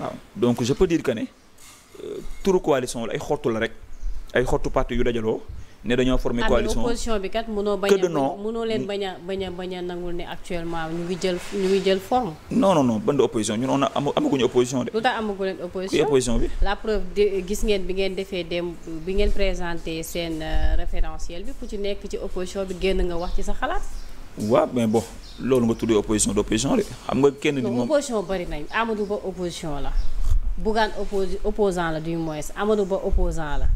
waaw donc je peux dire que ne euh, turu coalition la ay xottu la rek ay xottu parti yu dajaloo ne dañoo former coalition opposition bi kat mënoo bañ a mënoo leen bañ bañ a bañ a nangul ne actuellement ñu ngi jël ñu ngi jël forme. non non non ban de opposition ñun on a amaguñu opposition de. lu tax amagu leen opposition opposition bi. la preuve de gis ngeen bi ngeen defee dem bi ngeen présenté seen euh, référentiel bi ku ci nekk ci opposition bi génn nga wax ci sa xalaat. waaw mais bon loolu nga tuddee opposition d' opposition de xam nga kenn. du moom opposition bari nañ Amadou Ba opposition la. Bougane opposi opposant la du moins Amadou Ba opposant la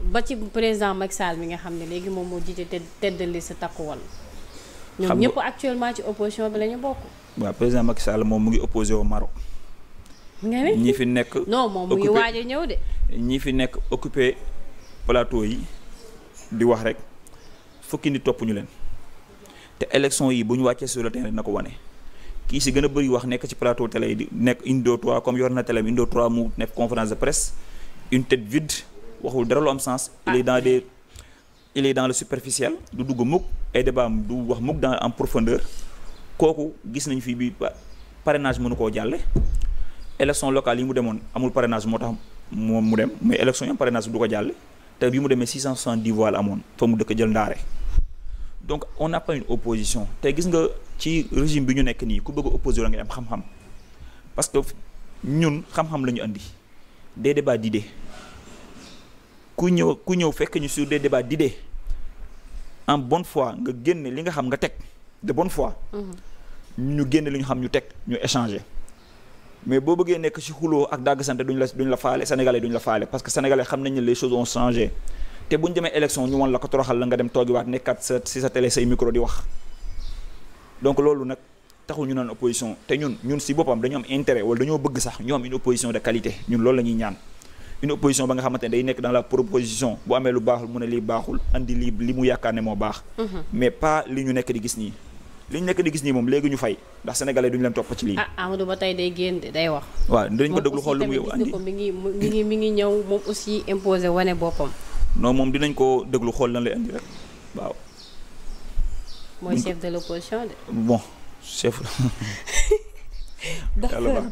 ba ci président Macky Sall mi nga xam ne léegi moom moo jiite te teddali sa takkuwal. xam ñoom ñëpp actuellement ci opposition bi la bokk. waa président Macky moom mu ngi opposé au ñi fi nekk. non moom mu ngi waaj ñëw de. ñi fi nekk occupé plateau yi di wax rek fukki ni topp leen. te élection yi bu ñu wàccee sur le na ko wane kii si gën a bëri wax nekk ci plateau télé yi nekk une deux trois comme yor na télé une deux trois mu nekk conférence de presse une tête waxul dara lu am sens il est dans des il le superficiel du dugg mukk ay débat du wax mukk dans en profondeur kooku gis nañ fii bi parenage mënu koo jàlle élection locale yi mu demoon amul parenage moo tax moom mu dem mais élection yi am parrainage du ko jàlle te bi mu demee 670 voix la amoon fa mu dëkk jël donc on n'a pas une opposition te gis nga ci régime bi ñu nekk nii ku bëgg a opposé la nga am xam-xam parce que ñun xam-xam la ñu andi des ku ñëw ku ñëw fekk ñu sur des débats d'idées en bonne foi nga génne li nga xam nga teg de bonne foi. Mm-hmm. ñu génne li ñu xam ñu teg ñu échanger. mais boo bëggee nekk ci xuloo ak dàgg sante duñ la duñ la faale sénégalais duñ la faale parce que sénégalais xam nañ ne les choses ont te bu ñu demee élection ñu woon la ko toroxal la nga dem toogiwaat nekkaat sa si sa télé say micro di wax donc loolu nag taxul ñu naan opposition te ñun ñun si boppam dañu am intérêt wala dañoo bëgg sax ñu am une opposition de qualité ñun loolu la ñuy ñaan une opposition ba nga xamante ne day nekk dans la proposition bu amee lu baaxul mu ne lii baaxul andi lii li mu yaakaar ne moo baax mm-hmm. mais pas li ñu nekk di gis nii li ñu nekk di gis nii moom non moom dinañ ko déglu xool lan lay andi rek waaw. mooy chef de l'opposition de. bon chef. d'accord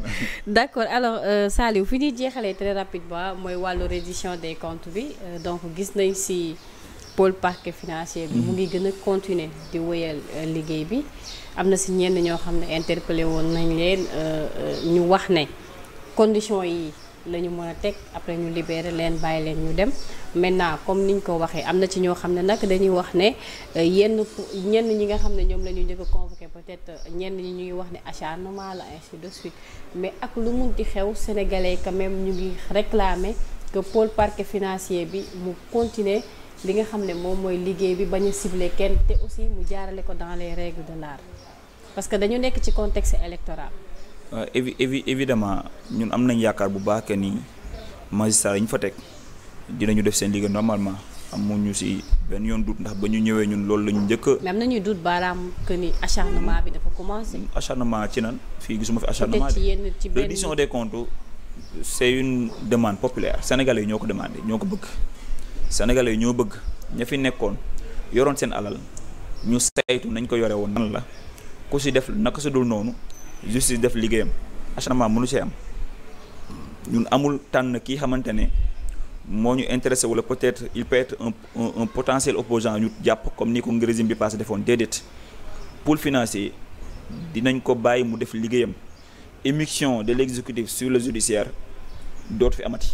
d'accord alors euh, Saliou fi ñuy jeexalee très rapidement mooy wàllu reddition des comptes bi euh, donc gis nañ si pôle parquet financier bi mu hmm. ngi gën a continuer di wëyal euh, liggéey bi am na si ñenn ñoo xam ne interpellé woon nañ leen ñu wax ne conditions yi la ñu mën a teg après ñu libéré leen bàyyi leen ñu dem maintenant comme niñ ko waxee am na ci ñoo xam ne nag dañuy wax ne euh, yenn ñenn ñi nga xam ne ñoom la ñu njëkk a convoqué peut-être euh, ñenn ñi ñuy wax ne acharnement la ainsi de suite mais ak lu munti xew sénégalais quand même ñu ngi réclamer que pôle parquet financier bi mu continuer li nga xam ne moom mooy liggéey bi bañ a ciblé kenn te aussi mu jaarale ko dans les règles de l'art parce que dañu nekk ci contexte électoral Euh, évi évi évidemment ñun am nañ yaakaar bu baax que ni magistrat yi ñu fa teg dinañu def seen liggéey normalement ñu si benn yoon doute ndax ba ñu ñëwee ñun loolu la ñu njëkk. mais am nañuy doute baaraam que ni acharnement bi dafa commencé. acharnement ci nan fii gisuma fi acharnement bi yenn ci benn reddition des comptes c' est une demande populaire sénégalais yi ñoo ko demandé ñoo ko bëgg sénégalais yi ñoo bëgg ña fi nekkoon yoroon seen alal ñu saytu nañ ko yore woon nan la ku si def naka si dul noonu. justice def liggéeyam acharnement mënu ci am ñun amul tànn kii xamante ne moo ñu intéressé wala peut-être il peut être un un, potentiel opposant ñu jàpp comme ni ko régime bi passé defoon déedéet pour financer dinañ ko bàyyi mu def liggéeyam émission de l'exécutif sur le judiciaire dootu fi amati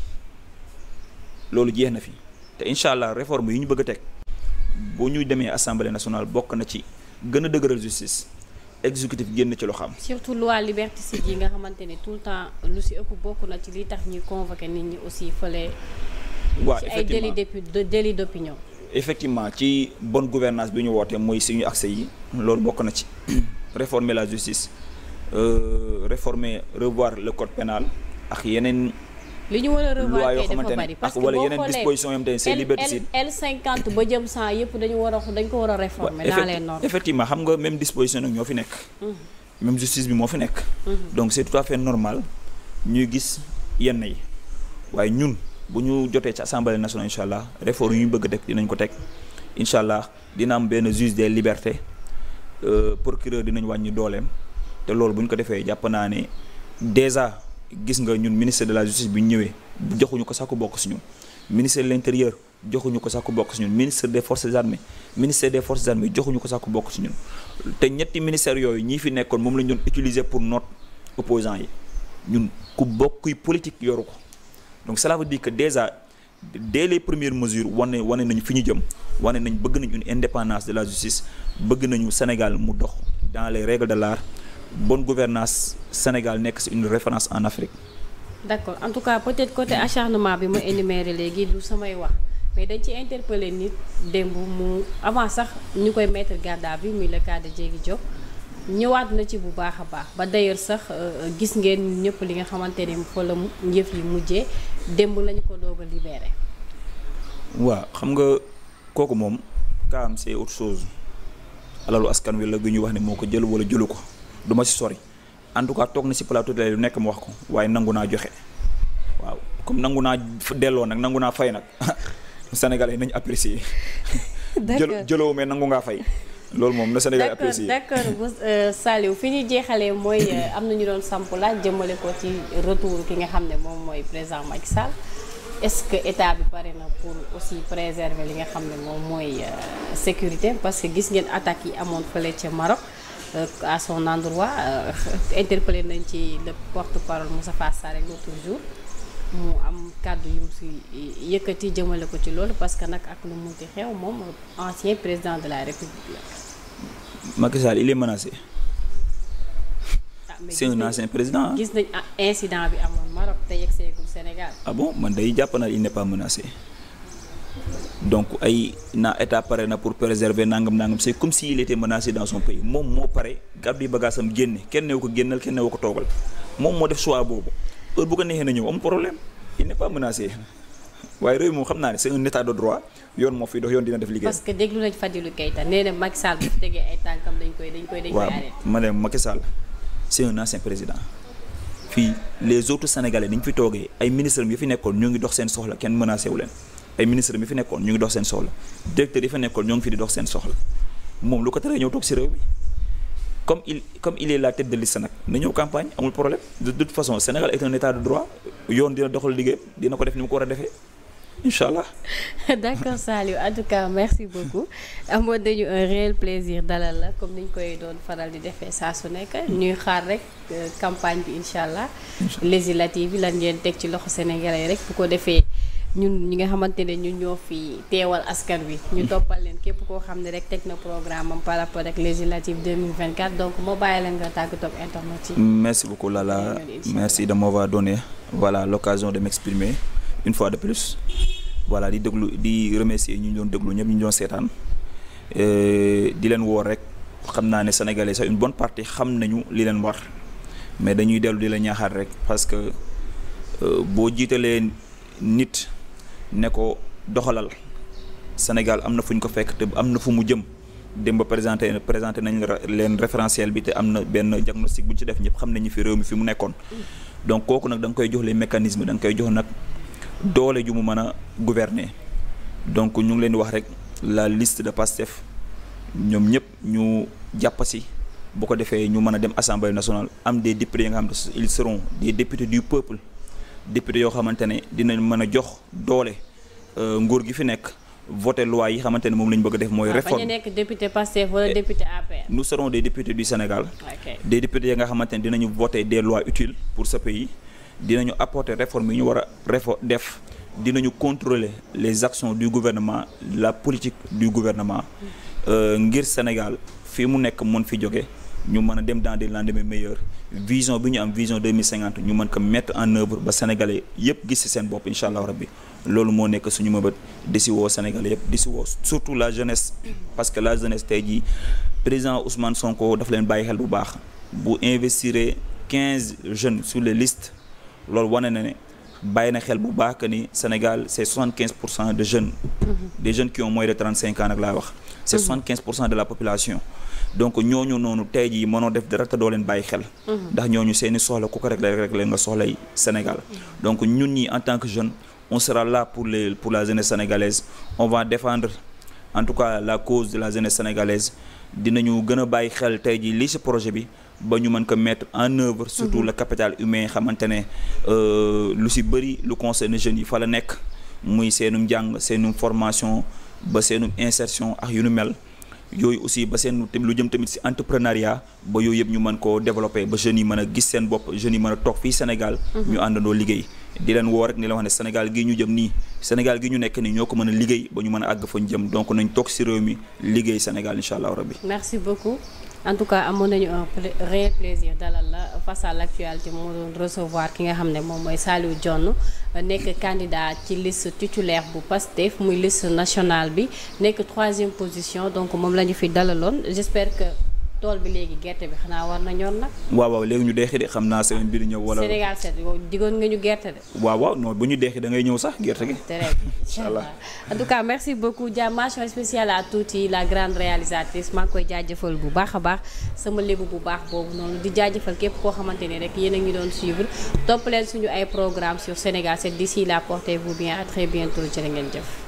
loolu jeex na fi te incha allah réforme yi ñu bëgg teg bu ñu demee assemblée nationale bokk na ci gën a dëgëral justice exécutif génn ci loxoom. surtout loi liberticide yi nga xamante ni tout le temps lu si ëpp bokk na ci li tax ñuy convoqué nit ñi aussi fële. waaw effectivement ci ay délit de délit d'opinion. effectivement ci bonne gouvernance bi ñu woote mooy suñu accès yi loolu bokk na ci réformer la justice euh, réformer revoir le code pénal ak yeneen. li ñu war a revendiquer dafa bari parce que wala yeneen disposition yam tey c'est liberticide L cinquante ba jëm cent yëpp dañu war a dañ ko war a réformer dans les normes effectivement xam nga même disposition nag ñoo fi nekk mm-hmm. même justice bi moo fi nekk mm-hmm. donc c'est tout à fait normal ñuy gis yenn yi waaye ñun bu ñu jotee ci assemblée nationale incha allah réforme yu ñu bëgg a teg dinañ ko teg incha allah dina am benn juge des libertés euh, procureur dinañ wàññi dooleem te loolu bu ñu ko defee jàpp naa ne déjà gis nga ñun ministre de la justice bi ñëwee joxuñu ko sax ku bokk si ñun ministre de l' joxuñu ko sax ku bokk si ñun ministre des forces armées ministère des forces armées joxuñu ko sax ku bokk si ñun te ñetti ministères yooyu ñii fi nekkoon moom lañ doon utiliser pour noot opposants yi ñun ku bokkuy politique yoru ko donc cela veut dire que déjà dès les premières mesures wane wane nañu fi ñu jëm wane nañ bëgg nañ une indépendance de la justice bëgg nañu Sénégal mu dox dans les règles de l'art bon gouvernance Sénégal nekk si une référence en Afrique. d'accord en tout cas peut-être côté acharnement bi ma énuméré léegi du samay wax mais dañ ci interpeller nit démb mu avant sax ñu koy mettre garde bi muy la cas de Diégui Diop ñëwaat na ci bu baax a baax ba d'ailleurs sax euh, euh, gis ngeen ñëpp li nga xamante ne fa la yëf yi mujjee démb lañu ko doog a libéré. waaw xam nga kooku moom kaam c'est autre chose alalu askan wi la gu ñu wax ne moo ko jël wala jëlu ko. du ma si sori en tout cas toog na si plateau télé lu nekk mu wax ko waaye nangu naa joxe waaw comme nangu naa delloo nag nangu naa fay nag sénégalais yi nañu apprécier. jël jëloo mais nangu ngaa fay. loolu moom na Sénégal apprécié d' accord d' euh, accord fi ñu jeexalee mooy euh, am na ñu doon samp laaj jëmale ko ci retour ki nga xam ne moom mooy président Macky Sall est ce que état bi pare na pour aussi préserver li nga xam ne moom mooy euh, sécurité parce que gis ngeen attaques yi amoon fële ca Euh, à son endroit euh, interpellé nañ ci le porte-parole Moustapha Sarr l'autre jour mu am kàddu yu si yëkkati jëmale ko ci loolu parce que nag ak lu mu ci xew moom ancien président de la république la. Macky Sall il est menacé. Ah, c'est un ancien président gis nañ a incident bi amoon Maroc te yegg seegul Sénégal. ah bon man day jàpp naa il n'est pas menacé. donc ay na état pare na pour préserver nangam nangam c'est comme s'il était menacé dans son pays moom moo pare gàddu yi bagage génne kenn newu ko génnal kenn newu ko toogal moom moo def choix boobu heure bu ko neexee na ñëw am problème waaye réew moom xam naa ne c'est un état yoon moo fi dox yoon dina def liggéey. parce que déglu nañ Fadilou Keita nee na Macky Sall bu tegee ay tànkam dañ koy dañ koy dañ ma ne Macky Sall c'est un président fii les autres sénégalais ni ñu fi toogee ay ministres yu fi nekkoon ñoo ngi dox seen soxla kenn menacé wu leen. ay ministre mi fi nekkoon ñu ngi dox seen soxla directeur yi fa nekkoon ñoo ngi fi di dox seen soxla moom lu ko teree ñëw toog si réew bi comme il comme il est la tête de liste nag na ñëw campagne amul problème de façon Sénégal est un état de droit yoon dina doxal dina ko def ni ko war a defee d' accord Saliou en tout cas merci beaucoup amoon nañu un réel plaisir dalal la comme niñ koy doon faral di defee saa su nekk ñuy xaar rek euh, campagne bi incha allah. législative bi lan ngeen teg ci loxo sénégalais rek bu ko defee. ñun ñi nga xamante ne ñu ñoo fi teewal askan wi. ñu mm-hmm. toppal leen képp koo xam ne rek teg na programme am par rapport ak législative 2024 donc moo bàyyi leen nga tàggatoo ak internet yi. merci beaucoup Lala merci de m'avoir donné voilà l'occasion de m'exprimer une fois de plus wala di déglu di remercier ñu doon déglu ñëpp ñu doon seetaan di leen woor rek xam naa ne sénégalais sax une bonne partie xam nañu li leen war mais dañuy dellu di la ñaaxaat rek parce que euh, boo jiitalee nit. ne ko doxalal Sénégal am na fu ñu ko fekk te am na fu mu jëm démb présenté présenté nañ leen référentiel bi te am na benn diagnostic bu ci def ñëpp xam nañu fi réew mi fi mu nekkoon. donc kooku nag da nga koy jox les mécanismes da koy jox nag doole ju mu mën a gouverner donc ñu ngi leen di wax rek la liste de Pastef ñoom ñëpp ñu jàpp si bu ko defee ñu mën a dem assemblée national am des députés yi nga xam ne ils seront des députés du peuple. député yoo xamante ne dinañ mën a jox doole euh, nguur gi fi nekk voté loi yi xamante ne moom la ñu bëgg a def mooy ah, réforme nekk député Pastef wala député APR nous serons des députés du Sénégal des députés yi nga xamante ne dinañu voté des lois utiles pour ce pays dinañu apporter réforme yi ñu war a réfo def dinañu contrôler les actions du gouvernement la politique du gouvernement euh, ngir Sénégal fii mu nekk mën fi jóge ñu mën a dem dans des lendemains meilleurs vision bi ñu am vision 2050 ñu mën ko mettre en œuvre ba sénégalais yëpp gis ci seen bopp incha allah rabbi loolu moo nekk suñu mëbët di si woo sénégalais yëpp di si woo surtout la jeunesse parce que la jeunesse tey jii président Ousmane Sonko dafa leen bàyyi xel bu baax bu investir quinze jeunes sur les listes loolu wane na ne bàyyi na xel bu baax que ni Sénégal c' est soixante pour cent de jeunes. Mm-hmm. des jeunes qui ont moins de trente cinq ans mm-hmm. pour cent la population. donc ñooñu noonu tey jii mënoo def dara te doo leen bàyyi xel mhm. ndax ñooñu seeni soxla ku ko rek rek leen nga soxlay Sénégal mhm. donc ñun ñi en tant que jeune on sera la pour les pour la jeunesse sénégalaise on va défendre en tout cas la cause de la jeunesse sénégalaise dinañu gën a bàyyi xel tey jii lii ci projet bi ba ñu mën ko mettre en œuvre surtout mhm. le capital humain xamante ne euh, lu si bëri lu concerne jeunes yi fa la nekk muy seenum jàng seenu formation ba seenum insertion ak yu nu mel yooyu aussi ba seen lu jëm tamit si entrepreneuriat ba yooyu yëpp ñu mën koo développer ba jeunes yi mën a gis seen bopp jeunes yi mën a toog fii Sénégal mhm. ñu àndandoo liggéey di leen woo rek ni la wax ne Sénégal gi ñu jëm nii Sénégal gi ñu nekk nii ñoo ko mën a liggéey ba ñu mën a àgg fa ñu jëm donc nañ toog si réew mi liggéey Sénégal incha allahu rabbi merci en tout cas amoon nañu un réel plaisir dalal la face à l'actualité moo doon recevoir ki nga xam ne moom mooy Saliou jonn nekk candidat ci liste titulaire bu PASTEF muy list nationale bi nekk troisième position donc moom la ñu fi dalaloon j'espère que. tool bi léegi gerte bi xanaa war na ñor nag. waaw waaw léegi ñu deqi de xam naa semaine bi di ñëw. wala Sénégal set digoon nga ñu gerte de. waaw waaw non bu ñu deqi da ngay ñëw sax gerte gi. très bien incha allah en tout merci beaucoup Dia mention spéciale à Tuuti la grande réalisatrice maa ngi koy jëfal bu baax a baax sama lébu bu baax boobu noonu di jaajëfal képp koo xamante ne rek yéen a ngi doon suivre topp leen suñu ay programme sur Sénégal set d'ici là portez-vous bien à très bientôt jërë ngeen jëf.